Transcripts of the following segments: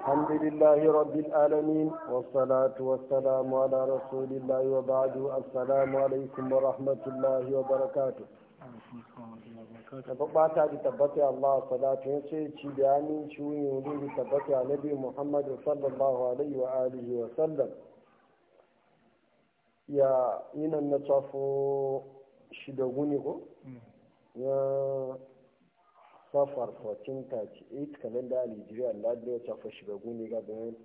الحمد لله رب العالمين والصلاة والسلام على رسول الله وبعد السلام عليكم ورحمة الله وبركاته tabbata da tabbata Allah salatu ya ce ci da ci ciwon yuri da tabbata nabi Muhammad sallallahu alaihi wa alihi wa sallam ya yinan na tsafo shida guni ko ya safar 1438 kalenda nigeria ladlo ta fashi baguni gabanin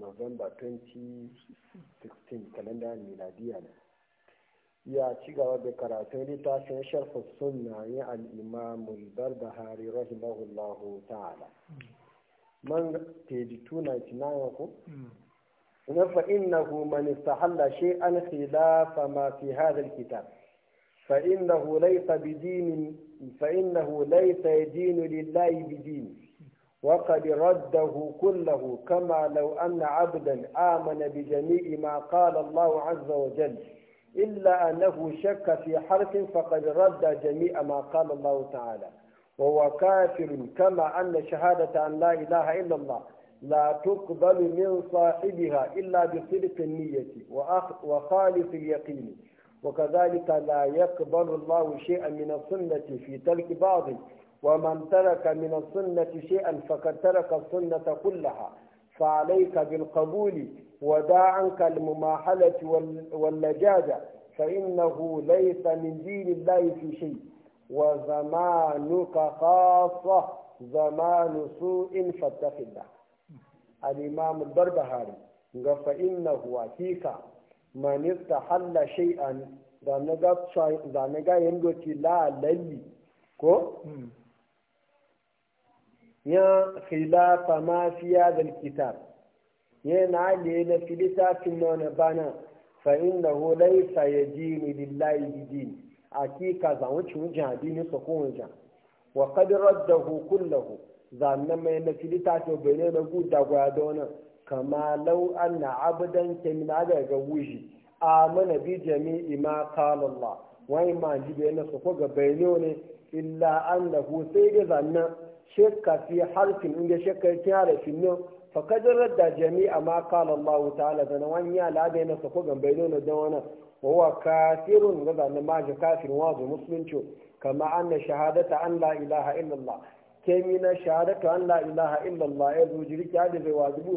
november 2016 kalenda miladiya ne ya ci gaba da karatun littafin sharfa sunna ya al'imamul barbahari rahimahullahu ta'ala man page 299 ko hmm. na fa'in na man istahalla shay'an khilafa ma fi hadha al-kitab فإنه ليس بدين فإنه ليس يدين لله بدين وقد رده كله كما لو أن عبدا آمن بجميع ما قال الله عز وجل إلا أنه شك في حرف فقد رد جميع ما قال الله تعالى وهو كافر كما أن شهادة أن لا إله إلا الله لا تقبل من صاحبها إلا بصدق النية وخالص اليقين وكذلك لا يقبل الله شيئا من السنة في ترك بعض ومن ترك من السنة شيئا فقد ترك السنة كلها فعليك بالقبول ودع عنك المماحلة واللجاجة فإنه ليس من دين الله في شيء وزمانك خاصة زمان سوء فاتق الله الإمام البربهاري فإنه حقيقة manista halla shay'an da na ga yin doki la lalli ko hmm. ya fa ma fi hadha alkitab ya na le na filita fi na bana fa innahu laysa yadin lillahi bidin akika za wuce jadi ne su ko wuce wa qad raddahu za na mai na filita to bane na guda gwada wannan kama lau anna abdan kamina daga wuji amana bi jami'i ma qala Allah wai ma jibe na su ko gabaino ne illa annahu sai da zanna shakka fi harfin inda shakka kin harfin nan fa kadar da jami'a ma qala Allah ta'ala da nan ya labe na su ko gabaino ne da wannan wa huwa kafirun ga zanna ma ga kafirin wazo musulunci kama anna shahadata an la ilaha illallah kemi na shahadatu an la ilaha illallah ya zuji rika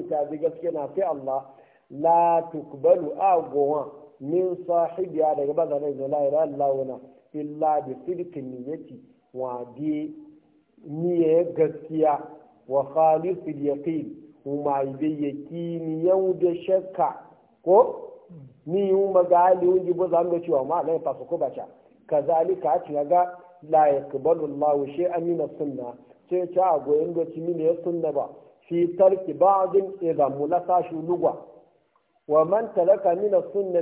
ta bi gaske na fi Allah la tukbalu agowa min sahibiya daga ba zane da la ilaha illallah illa bi sidqin wa bi niyya gaskiya wa khalisul yaqin kuma ibe yaqini yau da shakka ko ni yi magali unji ba zan ga cewa ma lai fasu ko bacha kazalika a ga la kubalu Allah shi min as-sunnah sai a goyen gaci kimi ya sunna ba fi tarki ba'din idan na sashi lugwa wa man taraka min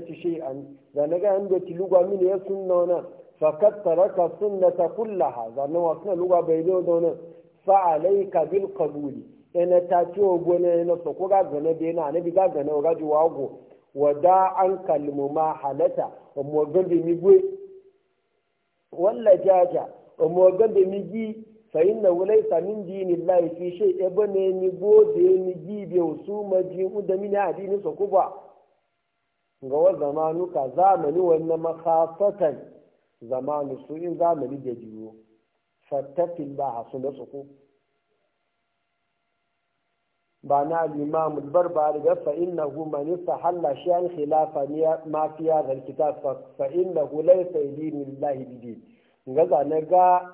ci shi an da naga inda gaci lugwa min ya sunna na fakat ta kulla kullaha da wa wasu lugwa bai da wannan fa alayka bil kabuli ina e ta ci ogone na so ko ga gane be na anabi bi ga gane wa ji wago wada an kalmu ma halata mu gande ni gwe wala jaja o mo gambe mi gi fa inna laysa min dinillahi fi shay ebone ni gode ni gi be usuma ji unda na adini so ba ga wa zamanu ka zamani wannan makhafatan zamanu su in zamani da jiwo fattakin ba su da su ba na al-imam al-barbari ga fa innahu man istahalla shay'an khilafa ma fi hadha al-kitab fa innahu laysa yadinu lillahi bidin ga na ga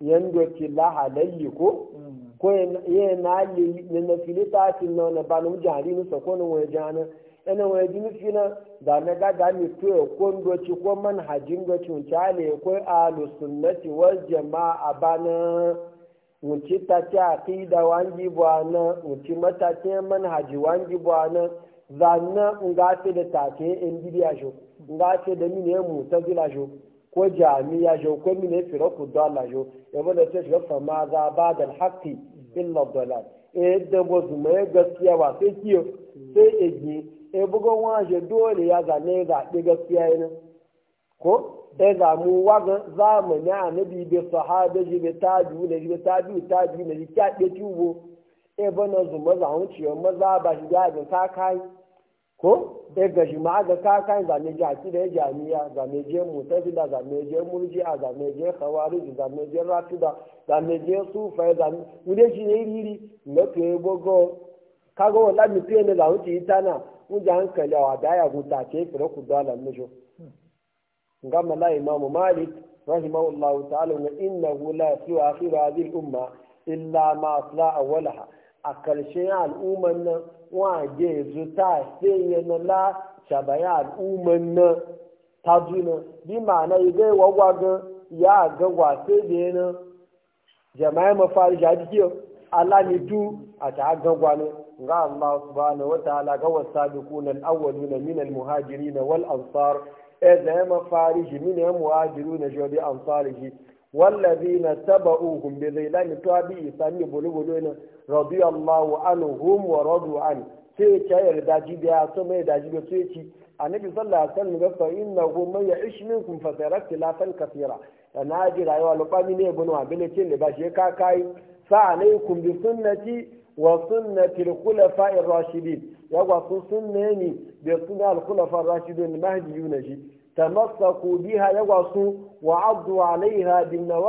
yando ki la halayyi ko mm. ko ye na li ne na filita tin no na banum jari ni sako no we jana ene we jini fina da na ga ga mi to e ko ndo ci ko manhajin ga tun chale ko alu sunnati wal jamaa bana wuce ta ce a kai da wangi buwana wuce matakin manhaji wangi buwana zanna in ce da take in ya shi in ce da mini ya ta zila shi ko jami'a shi ko mini ya fira ku dala shi ya bada ce shi rafa ma za ba da haƙƙi illa dala e da wasu mai gaskiya ba sai kiyo sai egi e, e bugon wa dole ya zane zaɓe gaskiya yana. ko ɗaya eh, ga mu waga zamani annabi be sahaba ji be tabi'u ne ji be tabi'u biyu ne ji kya de tubo e bana zuma maza hun ciyo maza ba shi ga ga kai ko ɗaya e, ga shi ma ga kai za ne ja ki da jami'a za ne je zida za ne je a za ne je khawarij za ne je rafida za ne je sufa za ne mu de shi ne riri na ke bogo kago la mi pe ne za na ci tana mu ja hankali a da ya guta ce fira ku dala mu gama la imamu malik rahimahullahu ta'ala wa innahu la siwa akhir hadhihi al-umma illa ma asla awwalaha a karshen al'umman nan waje zuta sai la shabaya al'umman nan ta juna bi ma'ana idai wagwaga ya ga wase da yana jama'a mafari jadi kiyo Allah ni du a ta gangwani ga Allah subhanahu wa ta'ala ga wasabiquna awwaluna min al-muhajirin wal ansar إذا ما فارج من المهاجرون جودي أنصاره والذين bi بظلام تابي سامي بلغلون رضي الله wa ورضوا عنه sai ya yarda ji da ya so mai daji da ce ci annabi sallallahu alaihi wasallam ga fa inna hu man ya'ish minkum fa sayara ikhtilafan kathira na ji rayuwa lubami ne bin wa bin ce ne ba shi ka kai sa alaikum bi sunnati wa sunnati al ar rashidin ya gwa sun sunne ni da sunna al-khulafa ar-rashidun ta shi biha ya gwa sun wa addu alaiha bin ya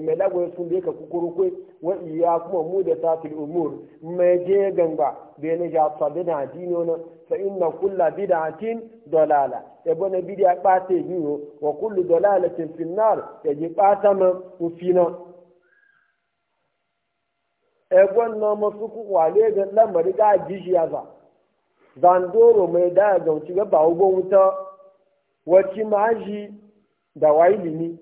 mai lagwa sun da ka kukurukwe wa iya kuma mu da safil umur mai je ganga da ya ja tsabi da addini wani fa inna kulla bid'atin dalala ya bana bid'a ɓata yi wa kullu dalalatin finnar ya ji ɓata ma ufina egon na masu kwale da lamari ga jijiya ba zandoro mai daya ga wuce gaba ugon wuta wacce ma'aji da wailini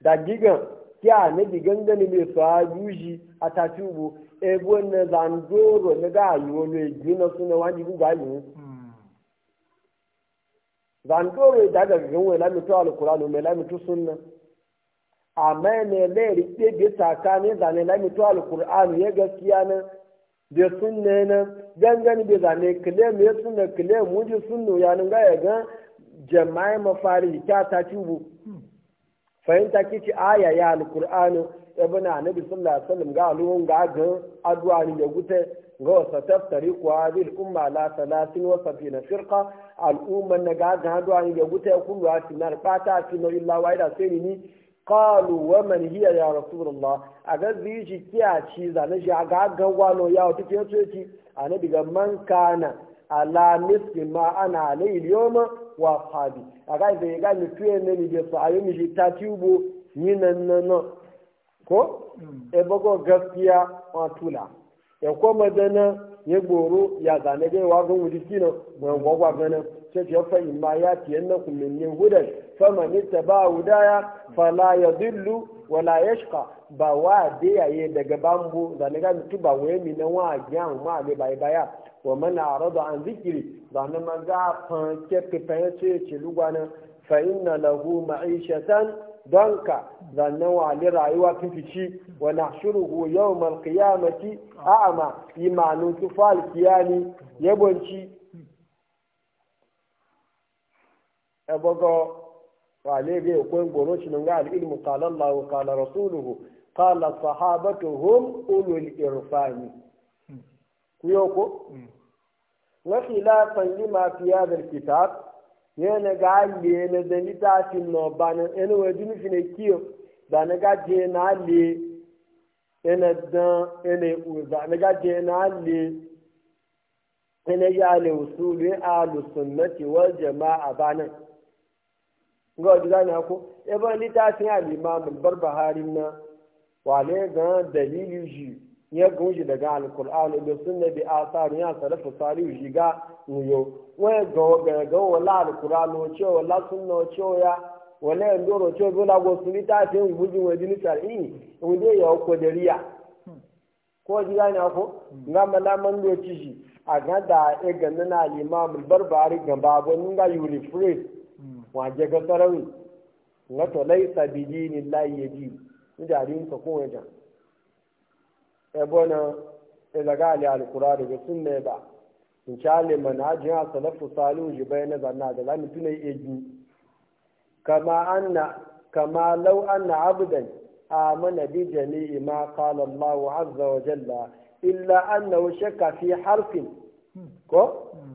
da gigan kya na gigan gani mai sa yuji a tatubu egon na zandoro na ga yiwo mai gina suna wani guga yiwu hmm. zandoro da ga gigan wai lamitu alkurano mai lamitu sunna amma ne lai rike bi tsakanin zane na mito alkur'ani ya gaskiya nan da sunne nan gangani bi zane kilem ya sunna mu ji sunno ya nan ga ya ga jama'i mafari ta ta tubu fahimta kici aya ya alkur'ani ibn annabi sallallahu alaihi wasallam ga alwon ga ga addu'a ne gute ga wasa taftari ku hadhihi umma la salatin wa safina firqa al umma na ga ga addu'a ne gute kullu asinar fata asinar illa waida sai ni qalu wa man hiya ya ga aga ziji kiya ci zane shi A gawano ya wata ke so ci annabi diga man kana ala misli ma ana alayhi yawma wa sahabi aga zai ga ni tuye ne ni fa sahabi mi shi ta tubo ni ko gaskiya wa tula ya koma dana ya goro ya zane ga wa gun wudi kino ba gwagwa ganin تجي فإما يأتينكم مني هدى فمن اتبع هدايا فلا يضل ولا يشقى ba wa da yaye daga bambu da ni ga mutu ba waye mi na wa gyan ma le bai baya wa man arada an zikiri da na man ga fan ke ke fa ce ce lugwana fa inna lahu ma'ishatan danka da na wa le rayuwa kifici wa nahshuruhu yawm al-qiyamati a'ma imanu tufal kiyani yabonci ebogo walege ekwen goro shinin ga ilmu qala Allah wa qala rasuluhu qala sahabatuhum ulul irfani kuyoko wa khilafan lima fi hadha alkitab yana ga alle na da litafin no bana ene wajin fine kiyo da na ga je na alle ene dan ene da na ga je na alle ene ya le usulu ahlus sunnati wal jamaa bana ga wajen zane ko ibn littafin al'imamun barbahari na wale ga dalili shi ya gunshi daga alkur'an da sunna bi asar ya salafu salihu shi ga muyo wai ga ga wala alkur'an o ce wala sunna na ya wala yandoro o ce sun ya ko hmm. nga ndị a ga da e ganna na ala imam barbahari ga babon nga yuri phrase waje ga sarari na to laisa bi dinin layi ya ji mujahidin ka ko wajen ebona ilaga e alkura daga sunna ba in sha ne manhajin a salafu salihu ji bai na zanna da zamu tunai yi e ji kama anna kama law anna abdan amana bi jami'i ma qala Allah azza wa jalla illa annahu shakka fi harfin hmm. ko hmm.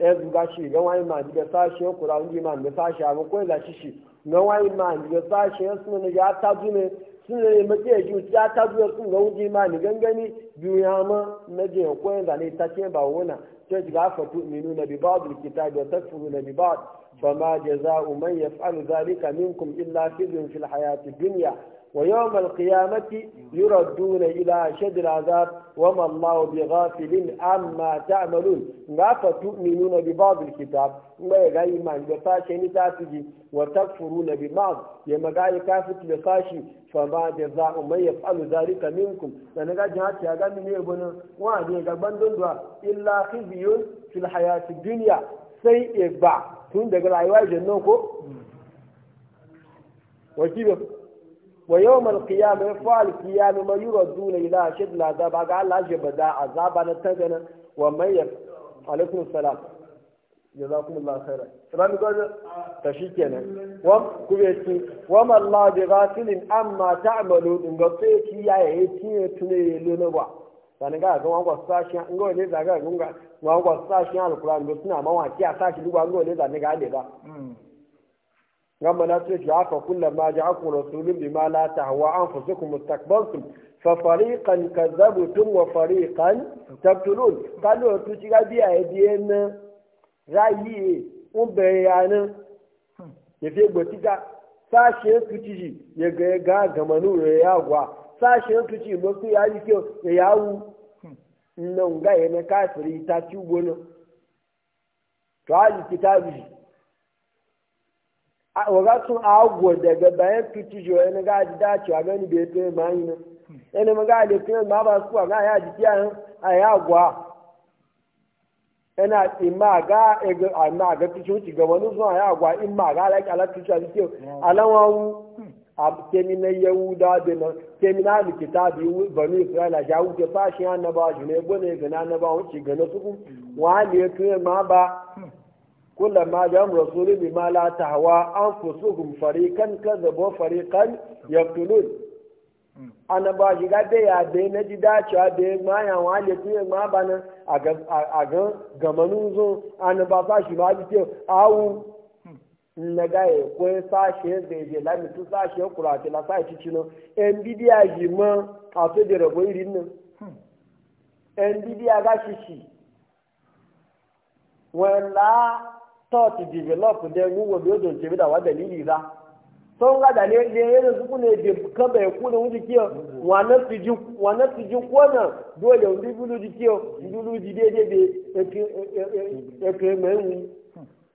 ɗaya zuga shi ga wani ma diga sashi ya kura wani ma diga sashi abin ko da shi shi ga wani ma diga sashi ya suna ya ta zume suna ne mace ya ji ya ta zuwa sun ga wani ma ni gangani biyu ya ma na je ya koyan da ne ta ce ba wuna ta ji gafa tu minu na bibad alkitab wa takfuru na bibad ma jaza'u man yaf'alu zalika minkum illa khizyun fil hayati dunya ويوم القيامة يردون إلى أشد العذاب وما الله بغافل عما تعملون أفتؤمنون ببعض الكتاب ما يغاي ما يبقى شيء تاتجي وتكفرون ببعض يما غاي كافت لقاشي فما جزاء من يفعل ذلك منكم لأن غاي هاتي من يبنى وعني غبان دندوا إلا خزي في الحياة الدنيا سيء بعض تون دقل عيواجه نوكو وكيف wa yau yawmal qiyamah fa al qiyamah ma yuraduna ila ashad la da ba ga Allah je bada azaba na ta gana wa man ya alaikum salam jazakumullahu khairan salam ga ta shikenan wa ku be ci wa ma Allah bi ghafilin amma ta'malu in ga sai ki ya yi ci tune le ne ba dan ga ga wa sashi an ga ne zaga ga ga wa sashi al-Qur'an ga suna mawaki a sashi duk an ga ne zaga ga ba gama na ce ki haka kullum ma ji aku rasulun bi ma la tahwa an fusukum mustakbartum fa fariqan kazzabtum wa fariqan taqtulun kalu tu ci ga biya e biye na rayi un bayana ya fi gbotiga sashen tu ci ya ga ga gamanu ya yagwa sashen tu ci mo ya ji ke ya yawu nan ga yana kafiri ta ci gona to ali kitabi waga sun agwo daga bayan fiti jo yana ga ji dacewa gani da ya ma yi nan yana maga a lefinan ma ba su ga ya ji a ya gwa ima ga ega ama ga fiti wuce ga wani zuwa ya gwa in ga alaƙi ala a a keminan yahuda da nan keminan alikita bi banu isra'ila ja wuce fashin shi ne su ma ba kula ma jam rasulu bi ma la tahwa an fusu gum farikan kazabo farikan ya tulun ana ba shiga da ya da na ji dacewa da ya ma ya wa le tuye ma bana a ga gamanu zo ana ba sa shi ba ji ce awu na ga ya kwai sa shi ya zai je lami tu sa shi ya la sa shi ci no en bidi a ji ma a so jere ko iri nan en a wala start develop da gugu da yadda ce da wa dalili za sun ga da ne su kuna da kaba ya kuna wuji kiyo wana su ji wana su kwana dole wani bulu ji kiyo bulu ji daidai da ya mai wu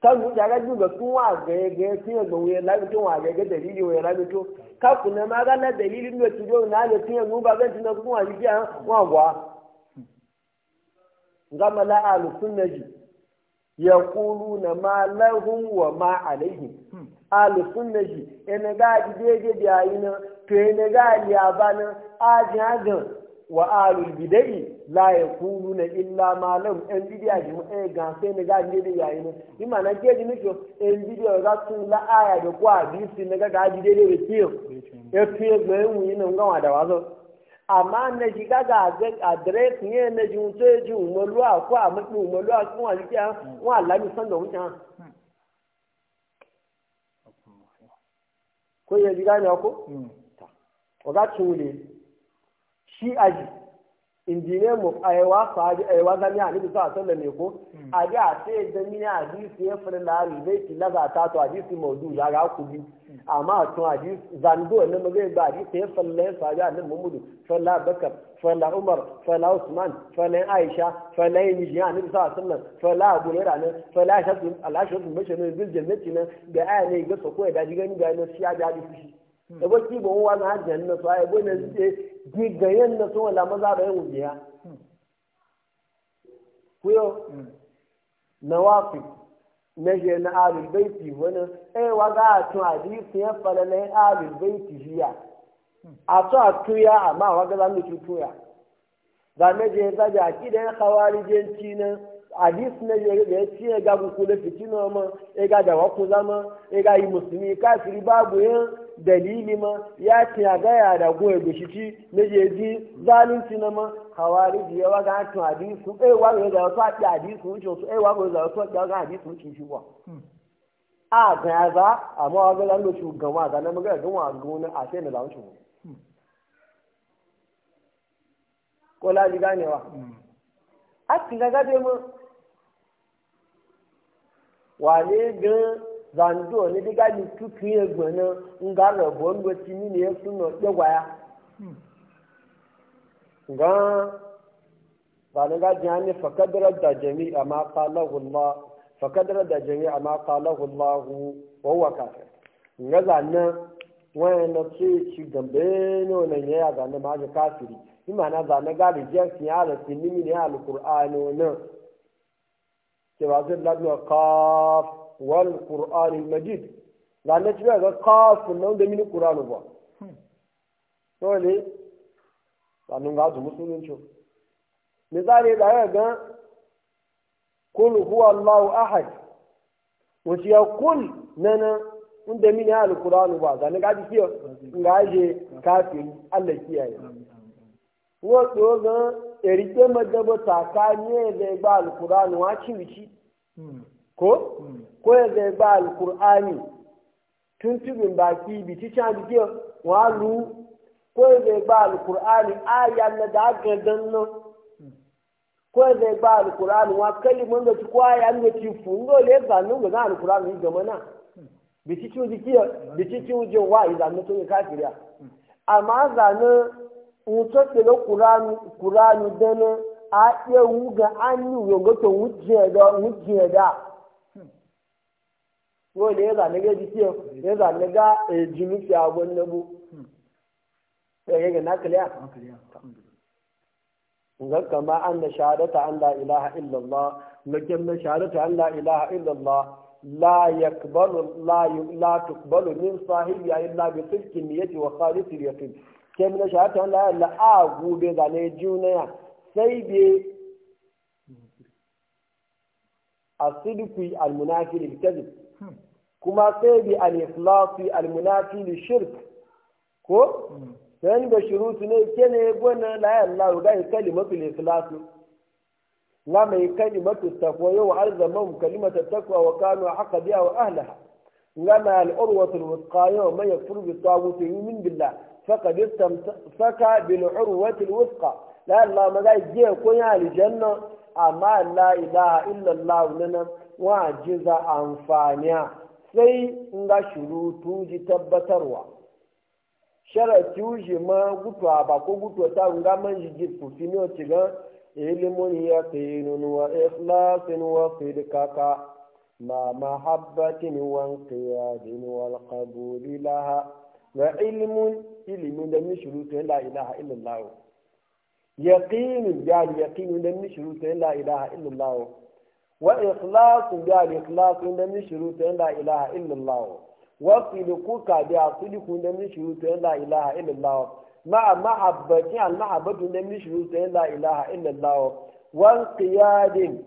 kan mu tare da ga kun wa ga ga sun ya wuya labito wa ga ga dalili wa labito ka kuna ma ga na dalilin da tijo na ga sun ya mu ba tuna kun wa ji kiyo wa gwa ya kulu na ma lahum wa ma alaihim hmm. ahlu sunna ji ina ga ji dege da yi to ina ga liya ba aji hagan wa ahlu bidai la ya kulu na illa ma lahum en bidiya ji mu e ga sai na ga ji dege yayi na ni ma na ke ji ni to en bidiya ga sun la aya da kwa bi sin na ga ga ji dege da kiyo e fiye ga yin wi na ga da wazo amma na ji gaga adres ne na ji wuce ji ko a mafi umaruwa ko a jiki wa alami san ko ji ko? shi aji. injiniyan mu a su sahabi a yawa zami a nufi sa sallan ne ko hmm. a ji a sai da mini hadisi ya fi lari zai ki laza ta to hadisi maudu ya ga ku bi hmm. amma a tun hadisi zango ne mu zai ba hadisi ya falla ya sahabi a nan mudu? Fala bakar Fala umar Fala usman Fala aisha Fala ya mishi ya nufi sa sallan falla abu ne ranar falla ya shafi al'ashirin bashirin bil jannati nan da aya ne ga sako ya daji gani ga shi ya daji fushi. da hmm. ba ki ba wa na hajjan na so ai bane zai ji ga yan na so wala maza da yan biya hmm. kuyo nawafi hmm. na je na alul baiti wani eh wa ga tun hadisi ya fara na alul baiti jiya a to a tuya amma wa ga zamu tuya da me je ga ja kidan khawarijanci nan hadis na yare da ya ce ga gabu ku ya ga da waku zama e ga yi musulmi kafiri babu yin dalili ma ya ce ya ya da goye na je ji zalunci na ma hawari da yawa ga hakin hadisu wa ga da wasu haɗi wa ga da wasu haɗi ga shi a ga ya ga shugaba na ga wa ga wani a sai na ji ganewa a cikin wale gan zando ne diga ni tutu ye gbɔna nga rɔbɔ ŋgɔ ti mi ne yesu nɔ ne fakadara da ama kalahu la fakadara da ama na ce ci ya ya zane ma kafiri imana zane ga ya ala ti mi ne alkur'ani cewa zai lafiya kaf wal qur'ani majid la na cewa ga kaf nan da mini qur'ani ba dole ba nun ga musulunci misali da ya ga kul huwa allah ahad wace ya kul nana inda mini alqur'ani ba ga na ga ji kiyo ga je kafin allah kiyaye wọ́n pè ó gan èrì pé mọ́tẹ́bọ̀ zai ní ẹ̀dẹ̀ ẹgbà alukurani wọ́n á tì wìtì hmm. kó hmm. kó ẹ̀dẹ̀ ẹgbà alukurani tún bá kí ibi títí àti kí wọ́n á lu kó ẹ̀dẹ̀ ẹgbà alukurani àyà gba gẹ̀dẹ̀n nà hmm. kó ẹ̀dẹ̀ ẹgbà alukurani wọ́n akẹ́lì mọ́ ndọ̀tí kó àyà ndọ̀tí fún ndọ̀ lè gbà ní yìí náà wuce tsere kuranu dana a iya wuga anyi yi da da zane ga ga jini fi abun na bu ya gaga na kaliya zan kama an da shahadata an la ilaha illallah na shahadata an la ilaha illallah لا يقبل لا لا تقبل من صاحبها الا بصدق وخالص اليقين ke mina shahata wanda ya la a gube ga ne juna ya sai be al munafiq lil kadhib hmm. kuma sai bi al-ikhlasi al munafiq li shirk ko hmm. sai da shurutu ne kene gona la Allah ga kalimatu al-ikhlas na mai kalimatu taqwa wa arzama kalimatu takwa wa kanu haqa biha wa ahliha ngana al'urwatul wuthqa yau man yakfur bi tagutu yumin billah faqad istamsaka bil urwatil wuthqa la Allah ma zai je ko ya aljanna amma la ilaha illa Allah nana wa jiza amfaniya sai nga shurutu ji tabbatarwa sharati uji ma gutu ko gutu ta nga man ji ji fufini o tiga ilimun yaqinun wa ikhlasin wa sidqaka مع محبة وانقياد والقبول لها وعلم علم من شروط لا إله إلا الله يقين قال يقين من شروط لا إله إلا الله وإخلاص قال إخلاص من شروط لا إله إلا الله وصدق قال صدق من شروط لا إله إلا الله مع محبة المحبة من شروط لا إله إلا الله وانقياد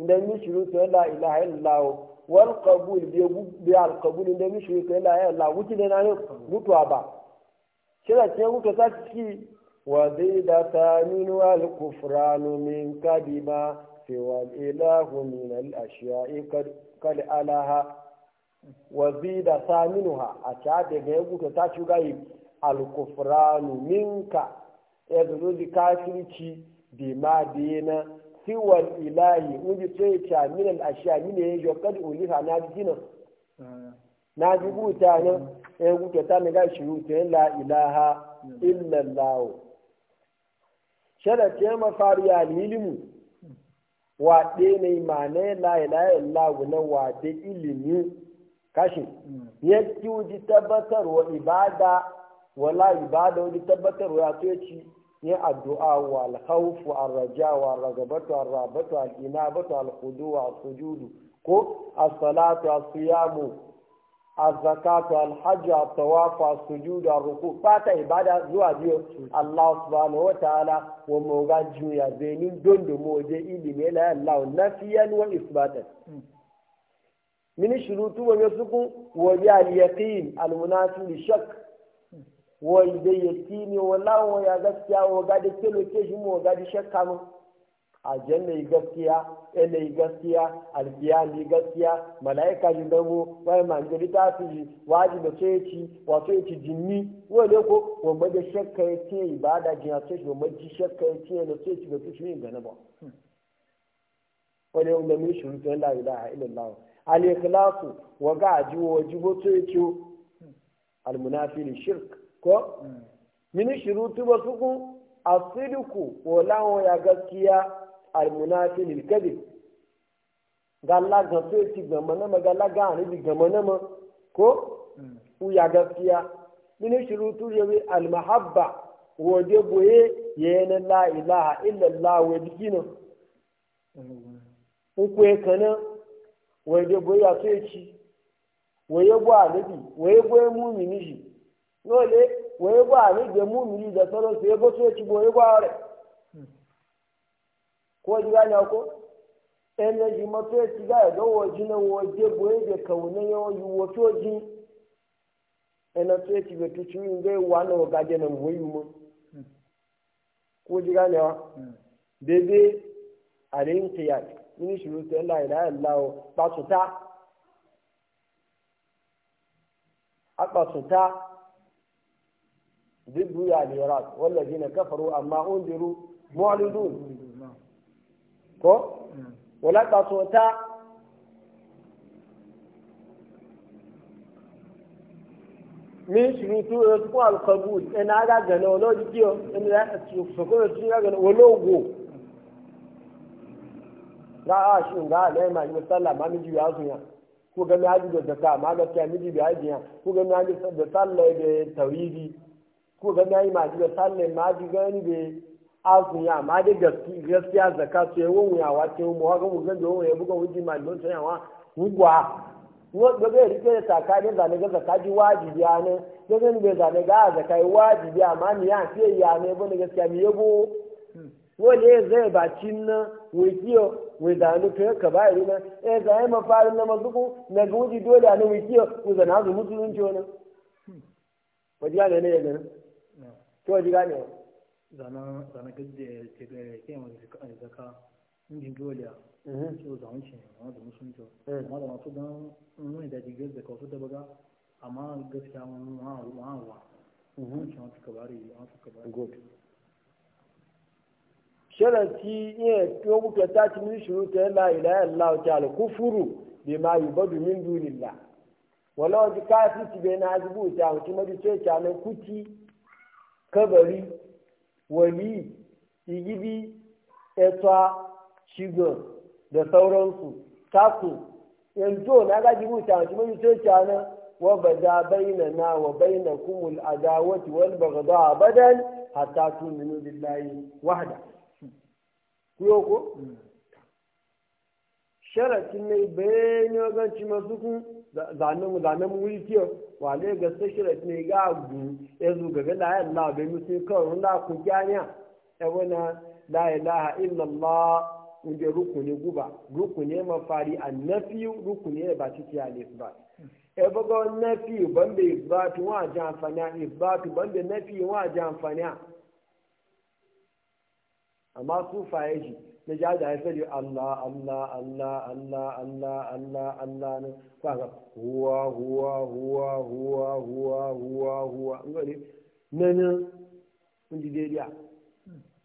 inda mi mishru to la ilaha illallah wal qabul bi bi al qabul inda mi mishru to la ilaha illallah wuce da nan mutuwa ba kira ce muka ta ciki wa zida ta min wal kufran min kadiba fi wal ilahu min al ashiya'i kad alaha wa zida ta minha a ta daga ya muka ta ci gayi al kufran minka ya zo di kafirci bi ma dina siwa ilahi wani sai ta a ashiya mine yin jokar ulifa na jina na ji buta ne ya guto ta na gashi rutu yin la ilaha illallahu ya ilimi wa waɗe ne mane la ilaha illallahu na waɗe ilimi kashi ya tabbatar wa ibada wala ibada tabbatar tabbatarwa ya ce ya addu'a wal khawf wal raja wa ragabatu wal rabatu wal inabatu wal khudu wa sujudu ko as-salatu as-siyamu az-zakatu wal hajj wal tawaf wal sujudu wal ruku fata ibada zuwa biyo Allah subhanahu wa ta'ala wa moga juya benin dondo moje ilimi la Allah nafiyan wa isbatan min shurutu wa yasukun wa al yaqin al munasiru li shakk wai ya yaki ne wala wa ya gaskiya wa ga da kelo ke shi mu ga da shakka mu aljanna yi gaskiya ele yi gaskiya alkiyami gaskiya malaika yi dango wai manjiri ta fi yi waji da ce ci wato ya ci jinni le ko wa ma da shakka ya ce ibada jin a ce wa ma ji shakka ya ce na ce ci ga fi shi gane ba wale wanda mai shuru ta la ilaha illallah al ikhlasu wa ga ji wa ji bo ce ci al munafili shirk ko mini shirutu ba suku asidiku wala wa ya gaskiya almunafi lil kadhib galla ga so ti gama na ma galla ga ni bi gama na ma ko u ya gaskiya mini shirutu yawi almahabba waje boye yana la ilaha illa allah wa dikina ukwe kana waje boye ya so ci waye bo alibi waye boye shi n'ole wee gwa anyị ga-eme mmiri ize sọrọ otu ego so bụ onye gwa ọrịa ka o jiri anya ọkụ ene ji mọtụ na woji bụ eze ka wune ya oyi wotu oji ene tụ echi bụ etuchi nge wa na ogaje na mgbe iwu hmm. ka jiri anya debe hmm. adịghị ntị ya ministry otu ụlọ anyị na ala kpatụta ضد يعني العراق والذين كفروا أما أنذروا معرضون كو ولا تصوتا من شروطه يتقوى القبول إن هذا جنة ولو جديو إن سكون الشيء جنة ولو جو لا أشون قال لا ما يمثل ما نجي يعزونا ko ga mai hajji da zaka ma ga kya miji bai hajji ya ko ga mai hajji da sallah da tawhidi ko ga nayi ma ji salle ma ji gani be azu ya ma de gaskiya zakka su ya wun ya wace mu ha ga mu ga do ya buga ma don sai wa ngwa wo ga ga rike ta ka ne ga zakka ji wajibi ya ne ga gani be zane ga zakka wajibi ya ma ni ya sai ya ne gaskiya mi zai wai da ka ka ba e, na mazuku na guji dole a nan to ji gane wa zana zana gaje mm-hmm. ce ga kewa zaka injin doliya so zawon shi ne da musun to mm. amma da masu don mun da digar da kawo da baga amma gaskiya mun wa wa mm-hmm. wa mun shi wata kabari an suka bari good sharati ne to muke ta ci min shuru ta al'kufuru ilaha ma yi ba domin yubadu min dunillah walau ji kafirci bai na azubu ta mutum da ce ta nan kuki. kabari wani igibi etwa shigon da sauransu taku yanzu na gaji mutane kuma yusoci ce nan wa bada na wa na kumul adawati wal baghdha abadan hatta tu'minu billahi wahda kuyo ko hmm. sharafin ne bayani waganci masu kun zanen mulkiyo wale ga su sharaf ne ga abu ya zo ga gada ya Allah bai musu kawai na ku kyaniya ya wana la ilaha illallah inda rukuni guba rukuni mafari annafi rukuni ne ba ciki ya ba ya buga nafi banda isbatu wa ji amfani banda nafi wa ji amma su faye shi na ja da ya sani Allah Allah Allah Allah Allah Allah Allah ne kaga huwa huwa huwa huwa huwa huwa huwa ngani nan ndi dedia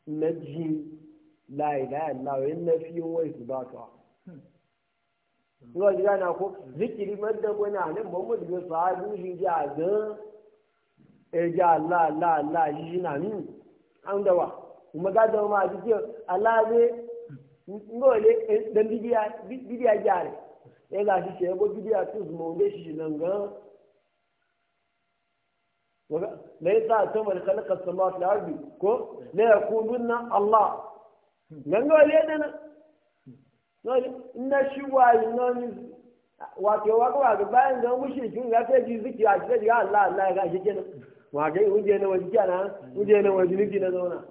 naji la ilaha illa wa inna fi wa isbata ngani gana ko zikiri madda bana nan Muhammad bin sahabu shi ja ga e eh, ja Allah Allah Allah yi na min an dawa kuma ga da ma ji Allah ne ngole eh, dan bidiya bidiya jare e ga shi ce go bidiya tu mu ne shi nan ga wala laysa tuma khalaqa as-samawati wal-ardi ko la yakununa allah nan ngole dan no inna shi wa nan wa ke wa ga ga bayan ga mushi kin ga sai ji ziki a shi ga allah allah ga shi ke kenan wa ga yuje ne waje kenan yuje ne waje niki na zauna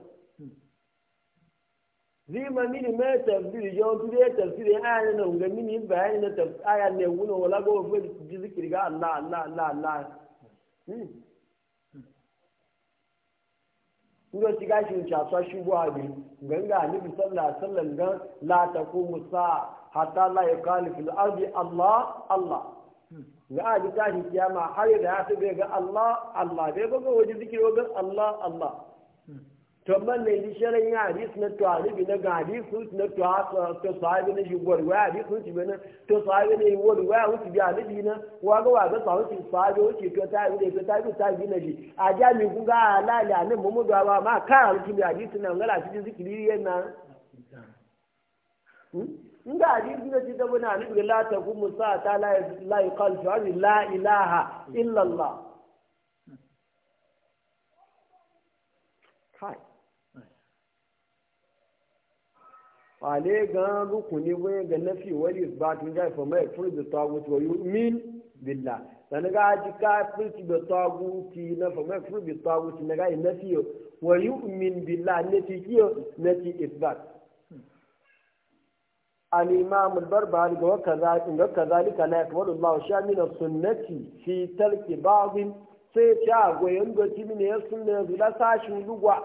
zima mini mai tafsiri yawon tu dai tafsiri aya na ga mini bayani na tafsiri aya ne wuna wala hmm. ga wafi ji zikiri ga Allah Allah Allah Allah Ngo shiga shi ta so shi bo abi ganga annabi sallallahu alaihi wasallam ga la taqumu sa hatta la yaqalu fil ardi Allah Allah ga abi ta shi kiyama har da ya ga Allah Allah bai ga wajen zikiri ga Allah Allah tabban ne ji shirin ya hadis na to alibi na ga hadis sun na to to sahibi na jigwar wa hadis sun ci bana to sahibi ne yiwuwar wa wuce bi alibi na wa ga wa ga sa wuce sahibi wuce to ta yi to ta yi ta yi na ji a ja mi ku ga alali a mu mu ga ba ma ka wuce bi hadis na ngala shi zikiri yan na in hmm? ga hadisi na ci gaba na alibi la ta ku musa ta la yuqal fi la ilaha illa allah kai ale gan rukuni bai ga nafi wali isbatu ga fa mai furu da tagut wa yu'min billah dan ga ji ka furu da taguti na fa mai furu da taguti na ga nafi wa yu'min billah ne ti kiyo ne ti isbat al imam al barbari ga kaza in ga na la yakbalu allah sha shamila sunnati fi talki ba'd sai ta goyen ga ya sunna zula sashin lugwa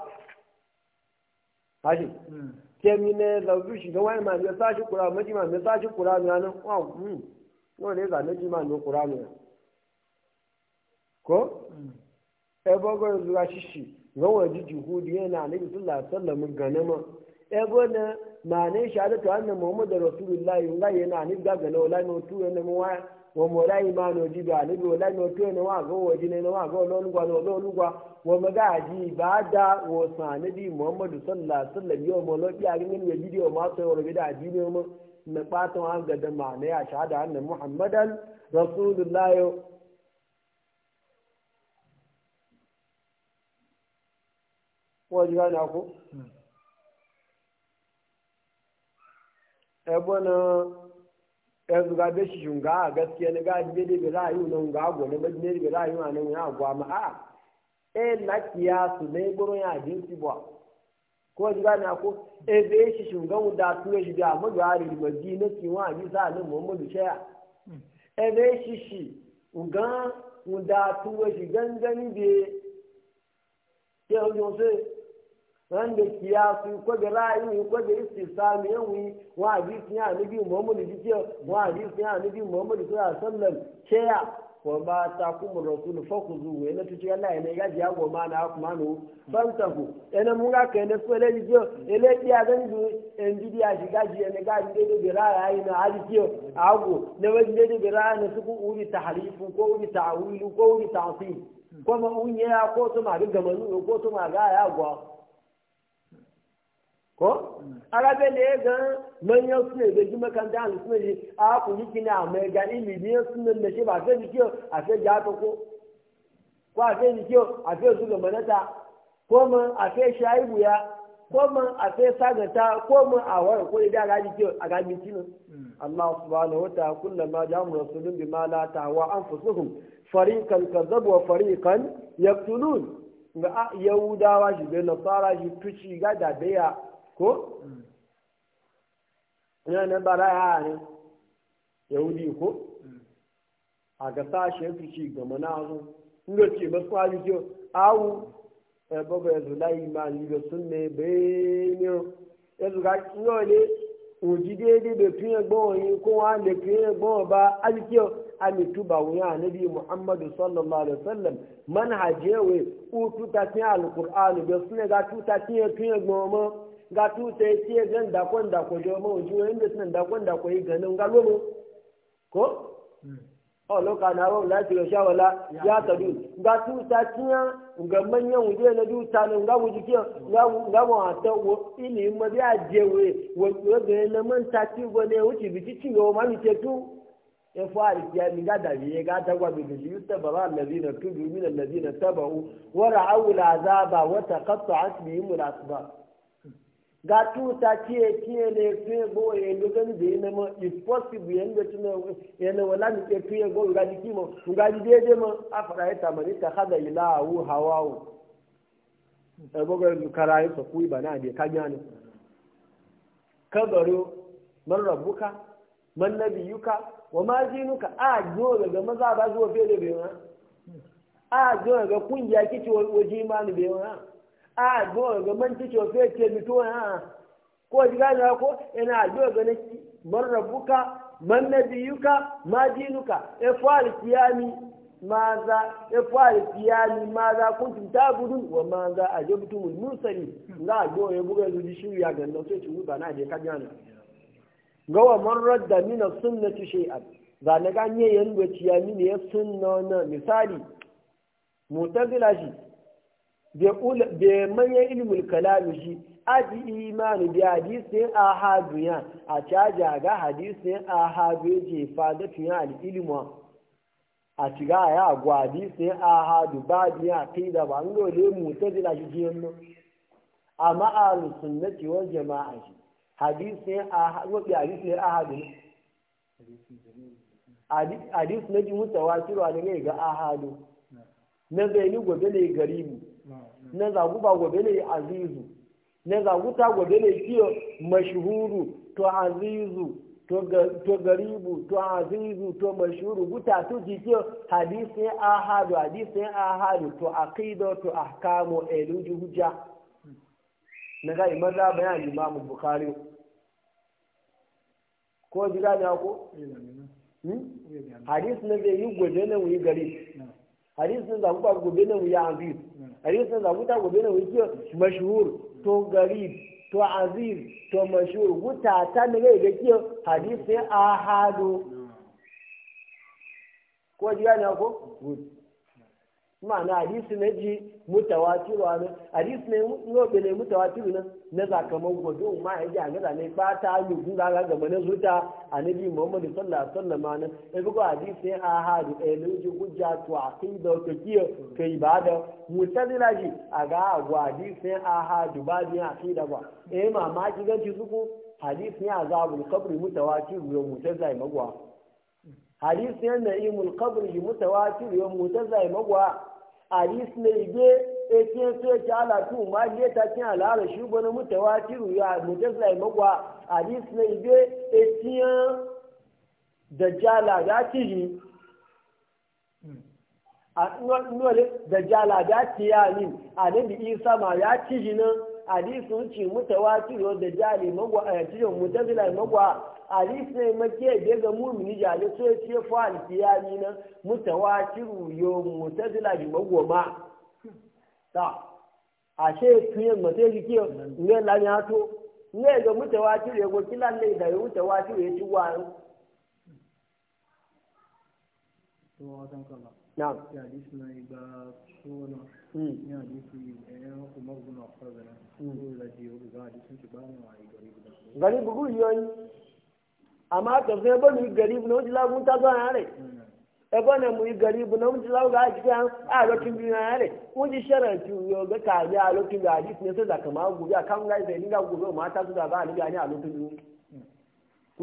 haji hmm. kemi ne lauzu shiga wani ma mai sashi kura maji ma mai sashi kura ne nan wa hmm no ne za maji ma no kura ne ko e bogo yanzu ga shishi ga waji juhudi yana nabi sallallahu alaihi wasallam ganama e bona ma ne shahadatu anna muhammadar rasulullahi ga yana nabi ga ganawa la no tu yana mu wa wọn mọ láyìn máa nà ojú bíi àníbi wọn láyìn ọtí ẹni wọn àgọ wọjí ni wọn àgọ ọlọ́nugba ni wọn mọ gáàjì ìbáàdá wọn sàn àníbi muhammadu sallah sallah yìí ọmọ ọlọ́bí àríwá ni èyí ọmọ atọ ọ̀rọ̀ bíi àjí ni ọmọ nípa tó wọn gàdá mà ní àṣàdá àná muhammadan rasulillah wọn jí wọn hmm. náà kú. ẹ̀bọ́n náà. yanzu ga da shi shunga a gaskiya na gaji ne da bira yi nan ga agwa na bajine da bira yi nan ya agwa ma a e na kiya su ne gurin ya jinsi ba ko ji gane ko e da shi shunga mu da tuwa shi da mu ga ri ma na ki wa ji sa nan muhammadu shaya hmm. e da shi shi ga mu da tuwa shi gangani be ke yo se wanda kiyasu ko da ra'ayi ko da istisami yawi wa hadisi ya nabi muhammad dike wa hadisi ya nabi muhammad sallallahu alaihi wasallam ceya wa ma takum rasul fakuzu wa ina tuci Allah ne goma na kuma no ku ene mun ga kai ne sole ele zan ji ne na hadisi ago ne na suku uri tahrifu ko uri ta'wilu ko uri ta'sil kuma ya ko to ma ga gamanu ko to ma ga ya gwa ko arabe ne ga manyan suna da kan da a suna yi a ku yi kina a mai ga ilimin suna da shi ba sai jikiyo a sai ji haka ko ko a sai jikiyo a sai su ga manata ko mun a sai shayi buya ko mun a sai sagata ko mun a wara ko idan ga jikiyo a ga miki ne hmm. Allah subhanahu wa ta'ala ma ja'a rasulun bima la ta'wa anfusuhum fariqan kadzabu wa fariqan yaqtulun ga yahudawa shi da nasara shi tuci ga da daya ko ina na bara ya ne yahudi ko a ga sashen su ci ga manazo inda ce masu halittu awu ẹgbẹ́ ha tó láyé máa lílo súnmẹ́ bẹ́ẹ̀ ni ó ẹ̀sùn ká náà lé òjì déédéé bẹ̀ fi ẹgbọ́n ha kó wọn á lè fi ẹgbọ́n ọba alikẹ́ alituba wọn yà níbi muhammadu sallallahu ha wa sallam manhajẹ́wé ó túta sí alukur'an bẹ̀ súnmẹ́ ká túta sí ẹgbọ́n ga tu sai ce zan da kon da ko joma uju inda sun da kon da ko yi ganin nga lomo ko hmm. o oh, ka na ba la tiro sha wala ya du. Nga tu ta tiya ga manyan uje na du ta nan ga wuji ke nga ga mu ata wo ili bi biya je we wo ga na man ta ti go ne ti bi ci go ma mi te tu ya fara ya mi ga da biye ga ta gwa bi bi na bara allazina tubu min allazina tabu wa ra'u al'azaba wa taqatta'at bihim al'asbab ga tuta ce ce ne fiye go ya yi gani da yi nama if possible yanda tuna yana wala ni ke fiye go ga jiki ma ga ji e je ma a fara ya e tamari ta hada ilahu hawawu da e gogar kara ya saku ba na da kan yana kabaro man rabuka man yuka wa ma jinuka a jo daga maza ba zuwa fiye da bewa ma a jo daga kungiya kici waje imani bai ma a go ga man ci to fe ce mi to ha ko ji ga ko ina do ga ne bar rabbuka man nabiyuka ma dinuka e fa'al qiyami maza e fa'al qiyami maza kuntum ta'budun wa maza ajabtumul mursalin ga do ya buga zuji shi ya ga nan sai ci ba na je ka jana ga wa man radda min as-sunnati shay'an za na ganye yan gwaciya mini ya sunna na misali mutazila shi be manyan ilmul kalami shi aji imani da hadisin ahadu ya a caja ga hadisin ahadu ya ce fadatun ya al'ilmuwa a shiga a yagwa hadisin ahadu ba biya kai da ba ngole mu ta jira shi jiyan amma a lusunnati wa jama'a shi hadisin ahadu wabi hadisin ahadu ne hadis na ji mutawa kiro a daga ahadu na zai ni gobe ne na zagu ba gobe ne azizu na zagu ta gobe ne kiyo mashhuru to azizu to garibu to azizu to mashhuru guta to kiyo hadisi ahadu hadisi ahadu to aqido to ahkamu eluji hujja na ga imaza bayan imamu bukhari ko jira ne ko hadis na zai yi gwaje wuyi garibu harisun da kuka gobe na wuya aziz harisun da kuka gobe na wuya mashhur to garib to aziz to mashhur wuta ta ne ga kiyo hadisin ahadu ko jiya na ko ma'ana hadisi na ji mutawatiru ne hadisi ne yobe ne mutawatiru nan na zakaman gobe ma ya ji a gaza ne ba ta lugun ga gaba na zuta a nabi muhammadu sallallahu alaihi wasallam nan e ya bugu hadisi ha ha da a yanzu hujja to a kai da wata kiyo kai ba da mutazila ji a ga agwa hadisi ha da ba biyan a kai da ba eh mamaki ganci suku hadisi ne a zabul kabri mutawatiru ya mutazila magwa hadisi ne na imul kabri mutawatiru ya mutazila magwa hadis ne ge ekin so ya ma ge ta kin ala ra shi bana mutawatiru ya mutazila magwa hadis ne ge ekin dajjala ya tiji a nole dajjala ya tiyani ma hadisun ci mutawatir da jali magwa a eh, cikin mutazila magwa hadis ne ga mu'mini jali so ce fa na mutawatir yo mutazila bi magwa ma ta ashe tuye mate jike ne ya to ne ga mutawatir ya go kilan ne da mutawatir ya ci ya نعم. يعني اسمه يبقى شو نعم. يعني في أيام عمر بن عفان gari bugu yoyi amma ka sai ba mu gari bu na wuce lagun ta zo na rai e na mu gari bu na wuce lagun ga ci kan a lokacin biyu na ji wuce ti yo ga ka ya a lokacin a hadisi ne sai zaka ma gobe a kan ga sai dinga gobe ma ta zuwa ba a ga ni a lokin biyu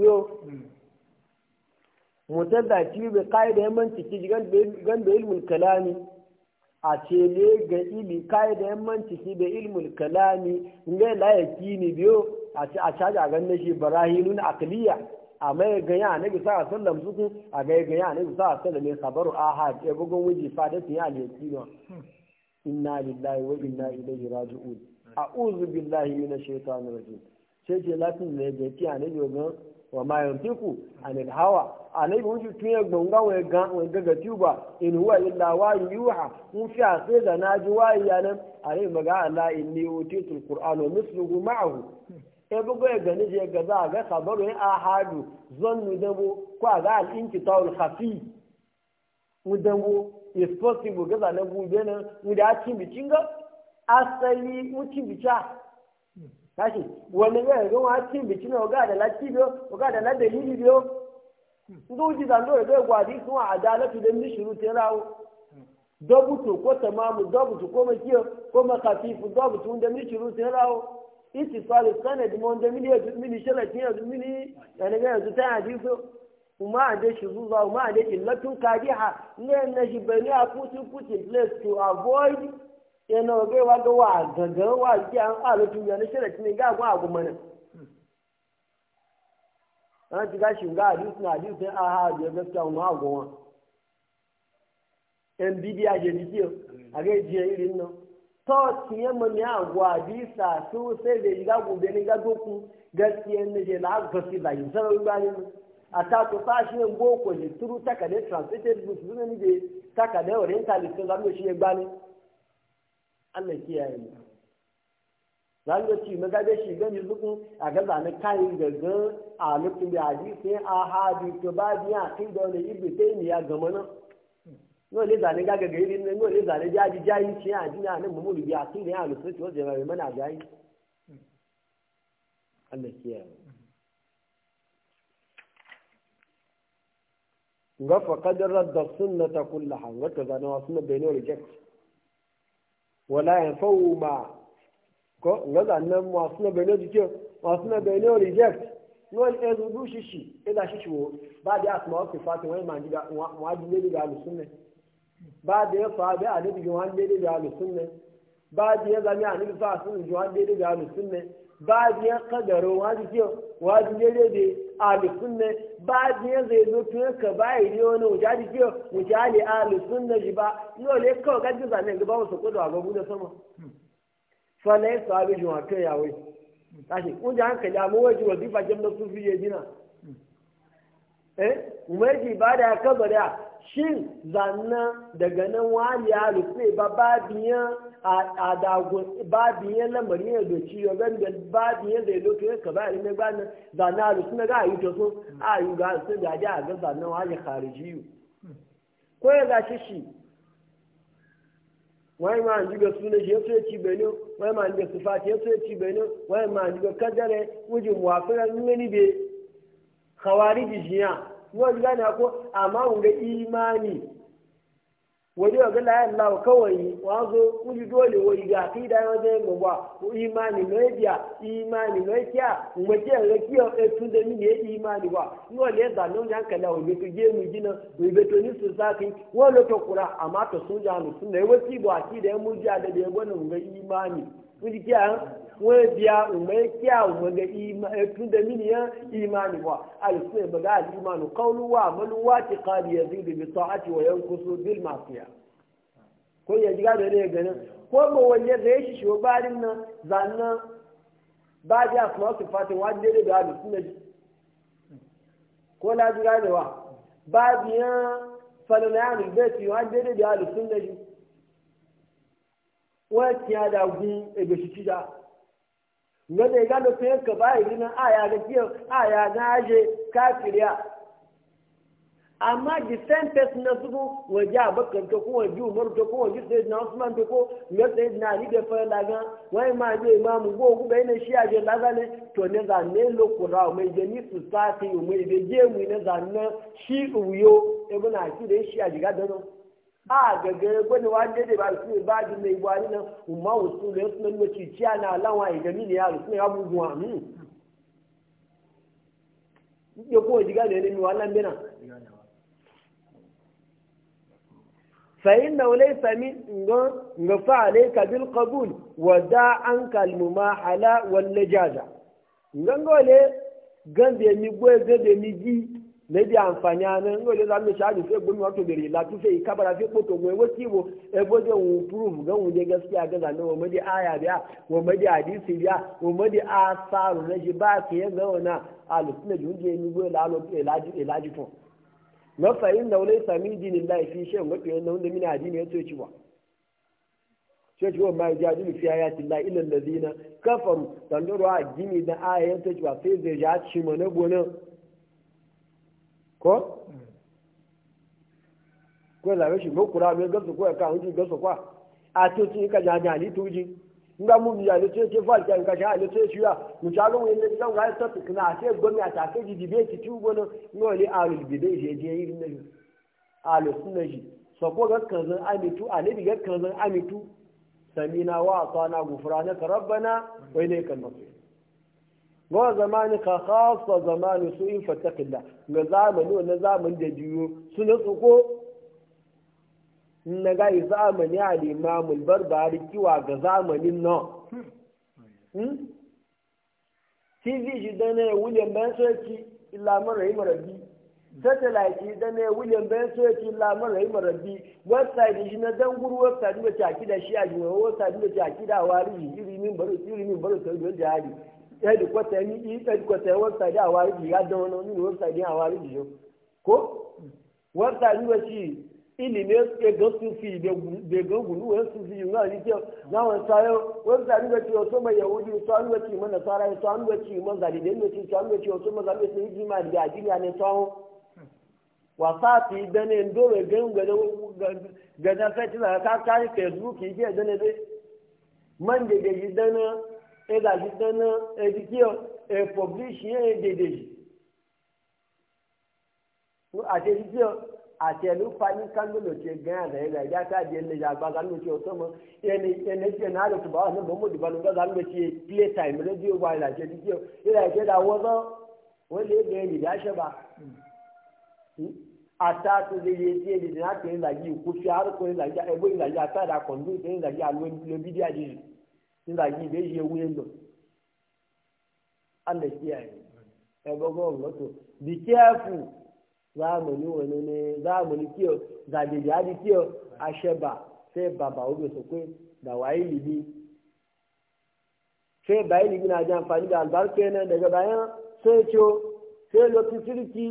yo mutadda ci bi qaida man ci gan da ilmul kalami a ce ne ga ili kai da yammanci shi da ilmul kalami ne layaki ne biyo a ce a caji a ganin shi barahinun akliya a mai ganya a nabi sa sallam suku a ga ganya a nabi sa sallam ne sabaru ahad ya bugun wuji fadatin ya alyaki no inna lillahi wa inna ilaihi raji'un a'udhu billahi minash shaitanir rajim sai ce lafin ne ga ti a nabi ga wa ma yantiku anil hawa anabi wuju tun yagbon ga wa ga wa daga tuba in huwa illa wa yuha mun fi ase da naji wayi yanan anabi maga ala inni utitul qur'anu mithluhu ma'ahu e bugo e gani je ga za ga sabaru in ahadu zannu dabo ko aga al inki tawul khafi mun dango is possible ga za na bu na mun da cin bicinga asali mun cin bicha kashi wani ya ga wa cin biki na ga da lati biyo ga da la dalili biyo ndo ji da ndo ga gwa di sun adalatu da ni shuru te rawo dabutu ko tamamu dabutu ko makiyo ko makafifu dabutu da ni shuru te rawo iti salu sanad mo da mini yanzu mini shalaki yanzu mini yana ga yanzu ta hadisu kuma da shi zuwa kuma da illatun kadiha ne na shi bani a kutu kutu place to avoid yana wa ga wa gaga wa ji ya na shirin ne ga agwa agu mana an ji gashi ga hadisi na hadisi a ha da gaskiya mu agu wa en bidiya je ni kiyo a ga ji irin nan to ti yamma ni su sai da ga ni ga gaskiya ne je la gasi da yin sai ba ni takade translated book ni takade orientalist mu Allah kiyaye mu zan ga ci maga da shi gani zuku a ga zane kayi gaga a lukin da aji sai a haɗi to ba biya kai da wani ibi sai ni ya gama nan Nuwa ne zane gaga ga gari ne nuwa ne zane jaji jayi ci a na nan mu mu biya kin da ya lusu to je mai mana jayi Allah kiyaye mu ga fa qad radda sunnata kullaha wa kadana wa sunna bayna reject wala ya fawo ma ko ngaza nan masu na bene jike masu na bene reject wani ezu du shi shi ila shi shiwo ba da asma wa sifati wani ma gida wa ji ne da alusunne ba da ya fa da alibi wani ne da alusunne ba da ya zami a nufi fa sun ji wani ne da alusunne ya kadaro wani ce wani dere da alisun ne ya zai zo tun ka bayi ne wani wuce ali ce wuce ali alisun na ba yau ne kawai kan jisa ne gaba wasu kudu a gabu da sama na yi sabi shi kai yawai tashi kun ji hankali amma wajen wajen jem na sufi ya jina eh mai ba da ya kabara shin zanna daga nan wani ya rufe ba babiyan a dago babiyan lamarin ya da ciyo zan da babiyan da ya doki ya kaba ya mai bani zanna a rufe na ga ayi to a yi ga su da ja ga zanna wani yi ko ya za shi shi wani ma an jiga suna shi ya so ya ci benin wani ma an jiga sufati ya so ya ci benin wani ma an jiga kaddare wujin wafiran nuni bai khawariji jiya wani gane ko amma mun imani wani wa gala ya Allah kawai wazo kuli dole wani ga kai da yawa zai gaba ko imani mai biya imani mai kiya mu ce ga kiyo e tun da ni ne imani ba no le da non yan kala wani to je mu gina wani beto ni su sakin wani to kura amma to sun ja mu sun ne wasi ba ki da mu ja da da gwanin ga imani kuli kiya wai biya umai kiya umaga tun da miniya imani wa alfai baga al'imanu kaulu wa amalu wa ti qadi yazidu bi ta'ati wa yankusu bil ma'siya ko ya ji gado ne ganin ko ba wanne da ya shi shi barin nan zanna ba ji a kuma su fatin wa dai da alu suna ji ko na ji gado wa ba biya biyan falalani bai su wa dai da alu suna ji wọ́n da àdàgún ègbèsì títà na da ga da fiye ka ba yi aya ga kiyar aya na aje kafiriya amma the same person na zubu waje abakar ta kuma ji umar ta kuma ji sai na usman ta ko na sai na ali da fara laga wai ma je imamu go ku bai na shi aje laga ne to ne za ne lokura mai jani su sa ta mai je mu ne za ne shi uyo ibn e aki da shi aje ga da nan a gaga gwani wanda da ba su ne ba mai gwani nan umma wasu da yasu nan mace ciya na lawa ya gami ne yaro suna abubuwa hmm. ya kowa jiga wannan bina wale sami wa da an maybe àǹfààní àná ńgbọ́n ilé lánàá ṣáájú fún egbòmí wọn tó bèrè ìlàtú fẹ́ ìkábàrà fẹ́ pòtò wọn ewé tí wo ẹgbẹ́ jẹ́ òun púrúfù gan òun jẹ́ gẹ́sí àgẹ́sà náà wọ́n mọ́dé àyà bíà wọ́n mọ́dé àdìsí bíà wọ́n mọ́dé àṣàrò rẹ̀ ṣe bá àkìyẹ́ gan náà alùpùpù ju oúnjẹ ẹni wọ́n lálọ́ ìlàjú fún. lọ́fà yìí náà lè sàmì ìdí nílá ìfi fi ayati llahi illa alladhina kafaru dan doro a gimi da ayatin ta cewa zai ko ko la shi mo kura be gaso ko ka hunji gaso kwa a to ti ka ja ja ni tuji nga mu ja le ce ce fa ja ka ja le ce shiya mu ta lo ni da ga sa ti kana ce gomi a ta ke ji be ti tu gono no le a alul bide je je yi ni a ne alul sunna ji so ko ga kan zan a ni tu le bi ga kan zan ni amitu samina wa ta atana gufranaka rabbana wa ilaykal masir ما zamani ka khasa zamani su الله ما ga ولا na zamani da jiyo su na tsoko na ga zamani al barbari kiwa ga zamanin nan tv shi da ne william bensoki ilamar rahim satellite shi da ne william ci lamar rahim rabbi website shi na danguru website da caki da shi a jiwa website da wari baro baro don ẹ̀dùkọ̀tẹ̀ ní ẹ̀dùkọ̀tẹ̀ wẹ́bsáìdì àwárídì yá dán ọ́nà nínú wẹ́bsáìdì àwárídì yọ kó wẹ́bsáìdì wẹ́ sí ìlìmẹ́ ẹ̀gọ́ sunfi ìgbẹ́gbẹ́gùn ní wẹ́ẹ́ sunfi yìí náà na láwọn sáyọ́ wẹ́bsáìdì wẹ́ sí ọ̀tọ́ mẹ́yẹ̀wò yìí sọ àwọn wẹ́tì mọ́ nàṣàrà sọ àwọn wẹ́tì mọ́ zàdìdé nìyẹn sọ àwọn wẹ́tì ọ̀tọ́ mọ́ zàdìdé ní ìdí máa dìde àdìyà ní sọ́hún wàsáàtì ìgbẹ́ni ndóòrè gẹ́gẹ́ ẹ̀dà sí tẹ́ná ẹ̀dì kí ẹ̀ pọ̀blíṣì ẹ̀ dèdè yìí àti ẹ̀dì kí àti ẹ̀lú fani kángolo tiẹ̀ gán àná ẹ̀dà ẹ̀dà káàdì ẹ̀lẹ́yà àgbàgà ló ti ọ̀tọ́ mọ́ ẹni ẹni tiẹ̀ náà lọ tùbọ̀ àwọn ọmọ òdìbò àwọn ọ̀gá ló ti play time rédíò wa ẹ̀dà ẹ̀dì kí ẹ̀dà ẹ̀dà wọ́n lọ wọ́n lé bẹ́ẹ̀ nìyí àṣẹba àtàtò lè yé tí ẹ̀dì náà tó ń làyè kó fi àrùkọ ń làyè ẹ̀bọ́ ń làyè àtàdà kọ̀ǹdú ń làyè àlọ́ nígbà yìí bẹ́ẹ̀ yẹ wúyẹ lọ alẹ́ sí àyè ẹgbọ́gbọ́ ọ̀gbọ́tò be careful záàmùní wọnú ní záàmùní kí ọ zàdèjì àdí kí ọ bàbà ó pé dàwà àǹfààní náà tso lọ síríkì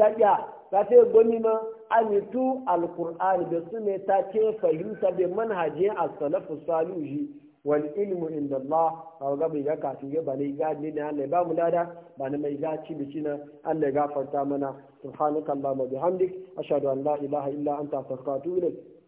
dájà amitu alkur'ani da su ne ta ce fahimta da manhaji as-salafu saluhi wal ilmu inda Allah ba ga bai ga kafin ga bane ga ne da Allah ba mu lada ba ne mai ga ci bici na Allah ya gafarta mana subhanakallahumma bihamdik ashhadu an la ilaha illa anta astaghfiruka wa atubu ilayk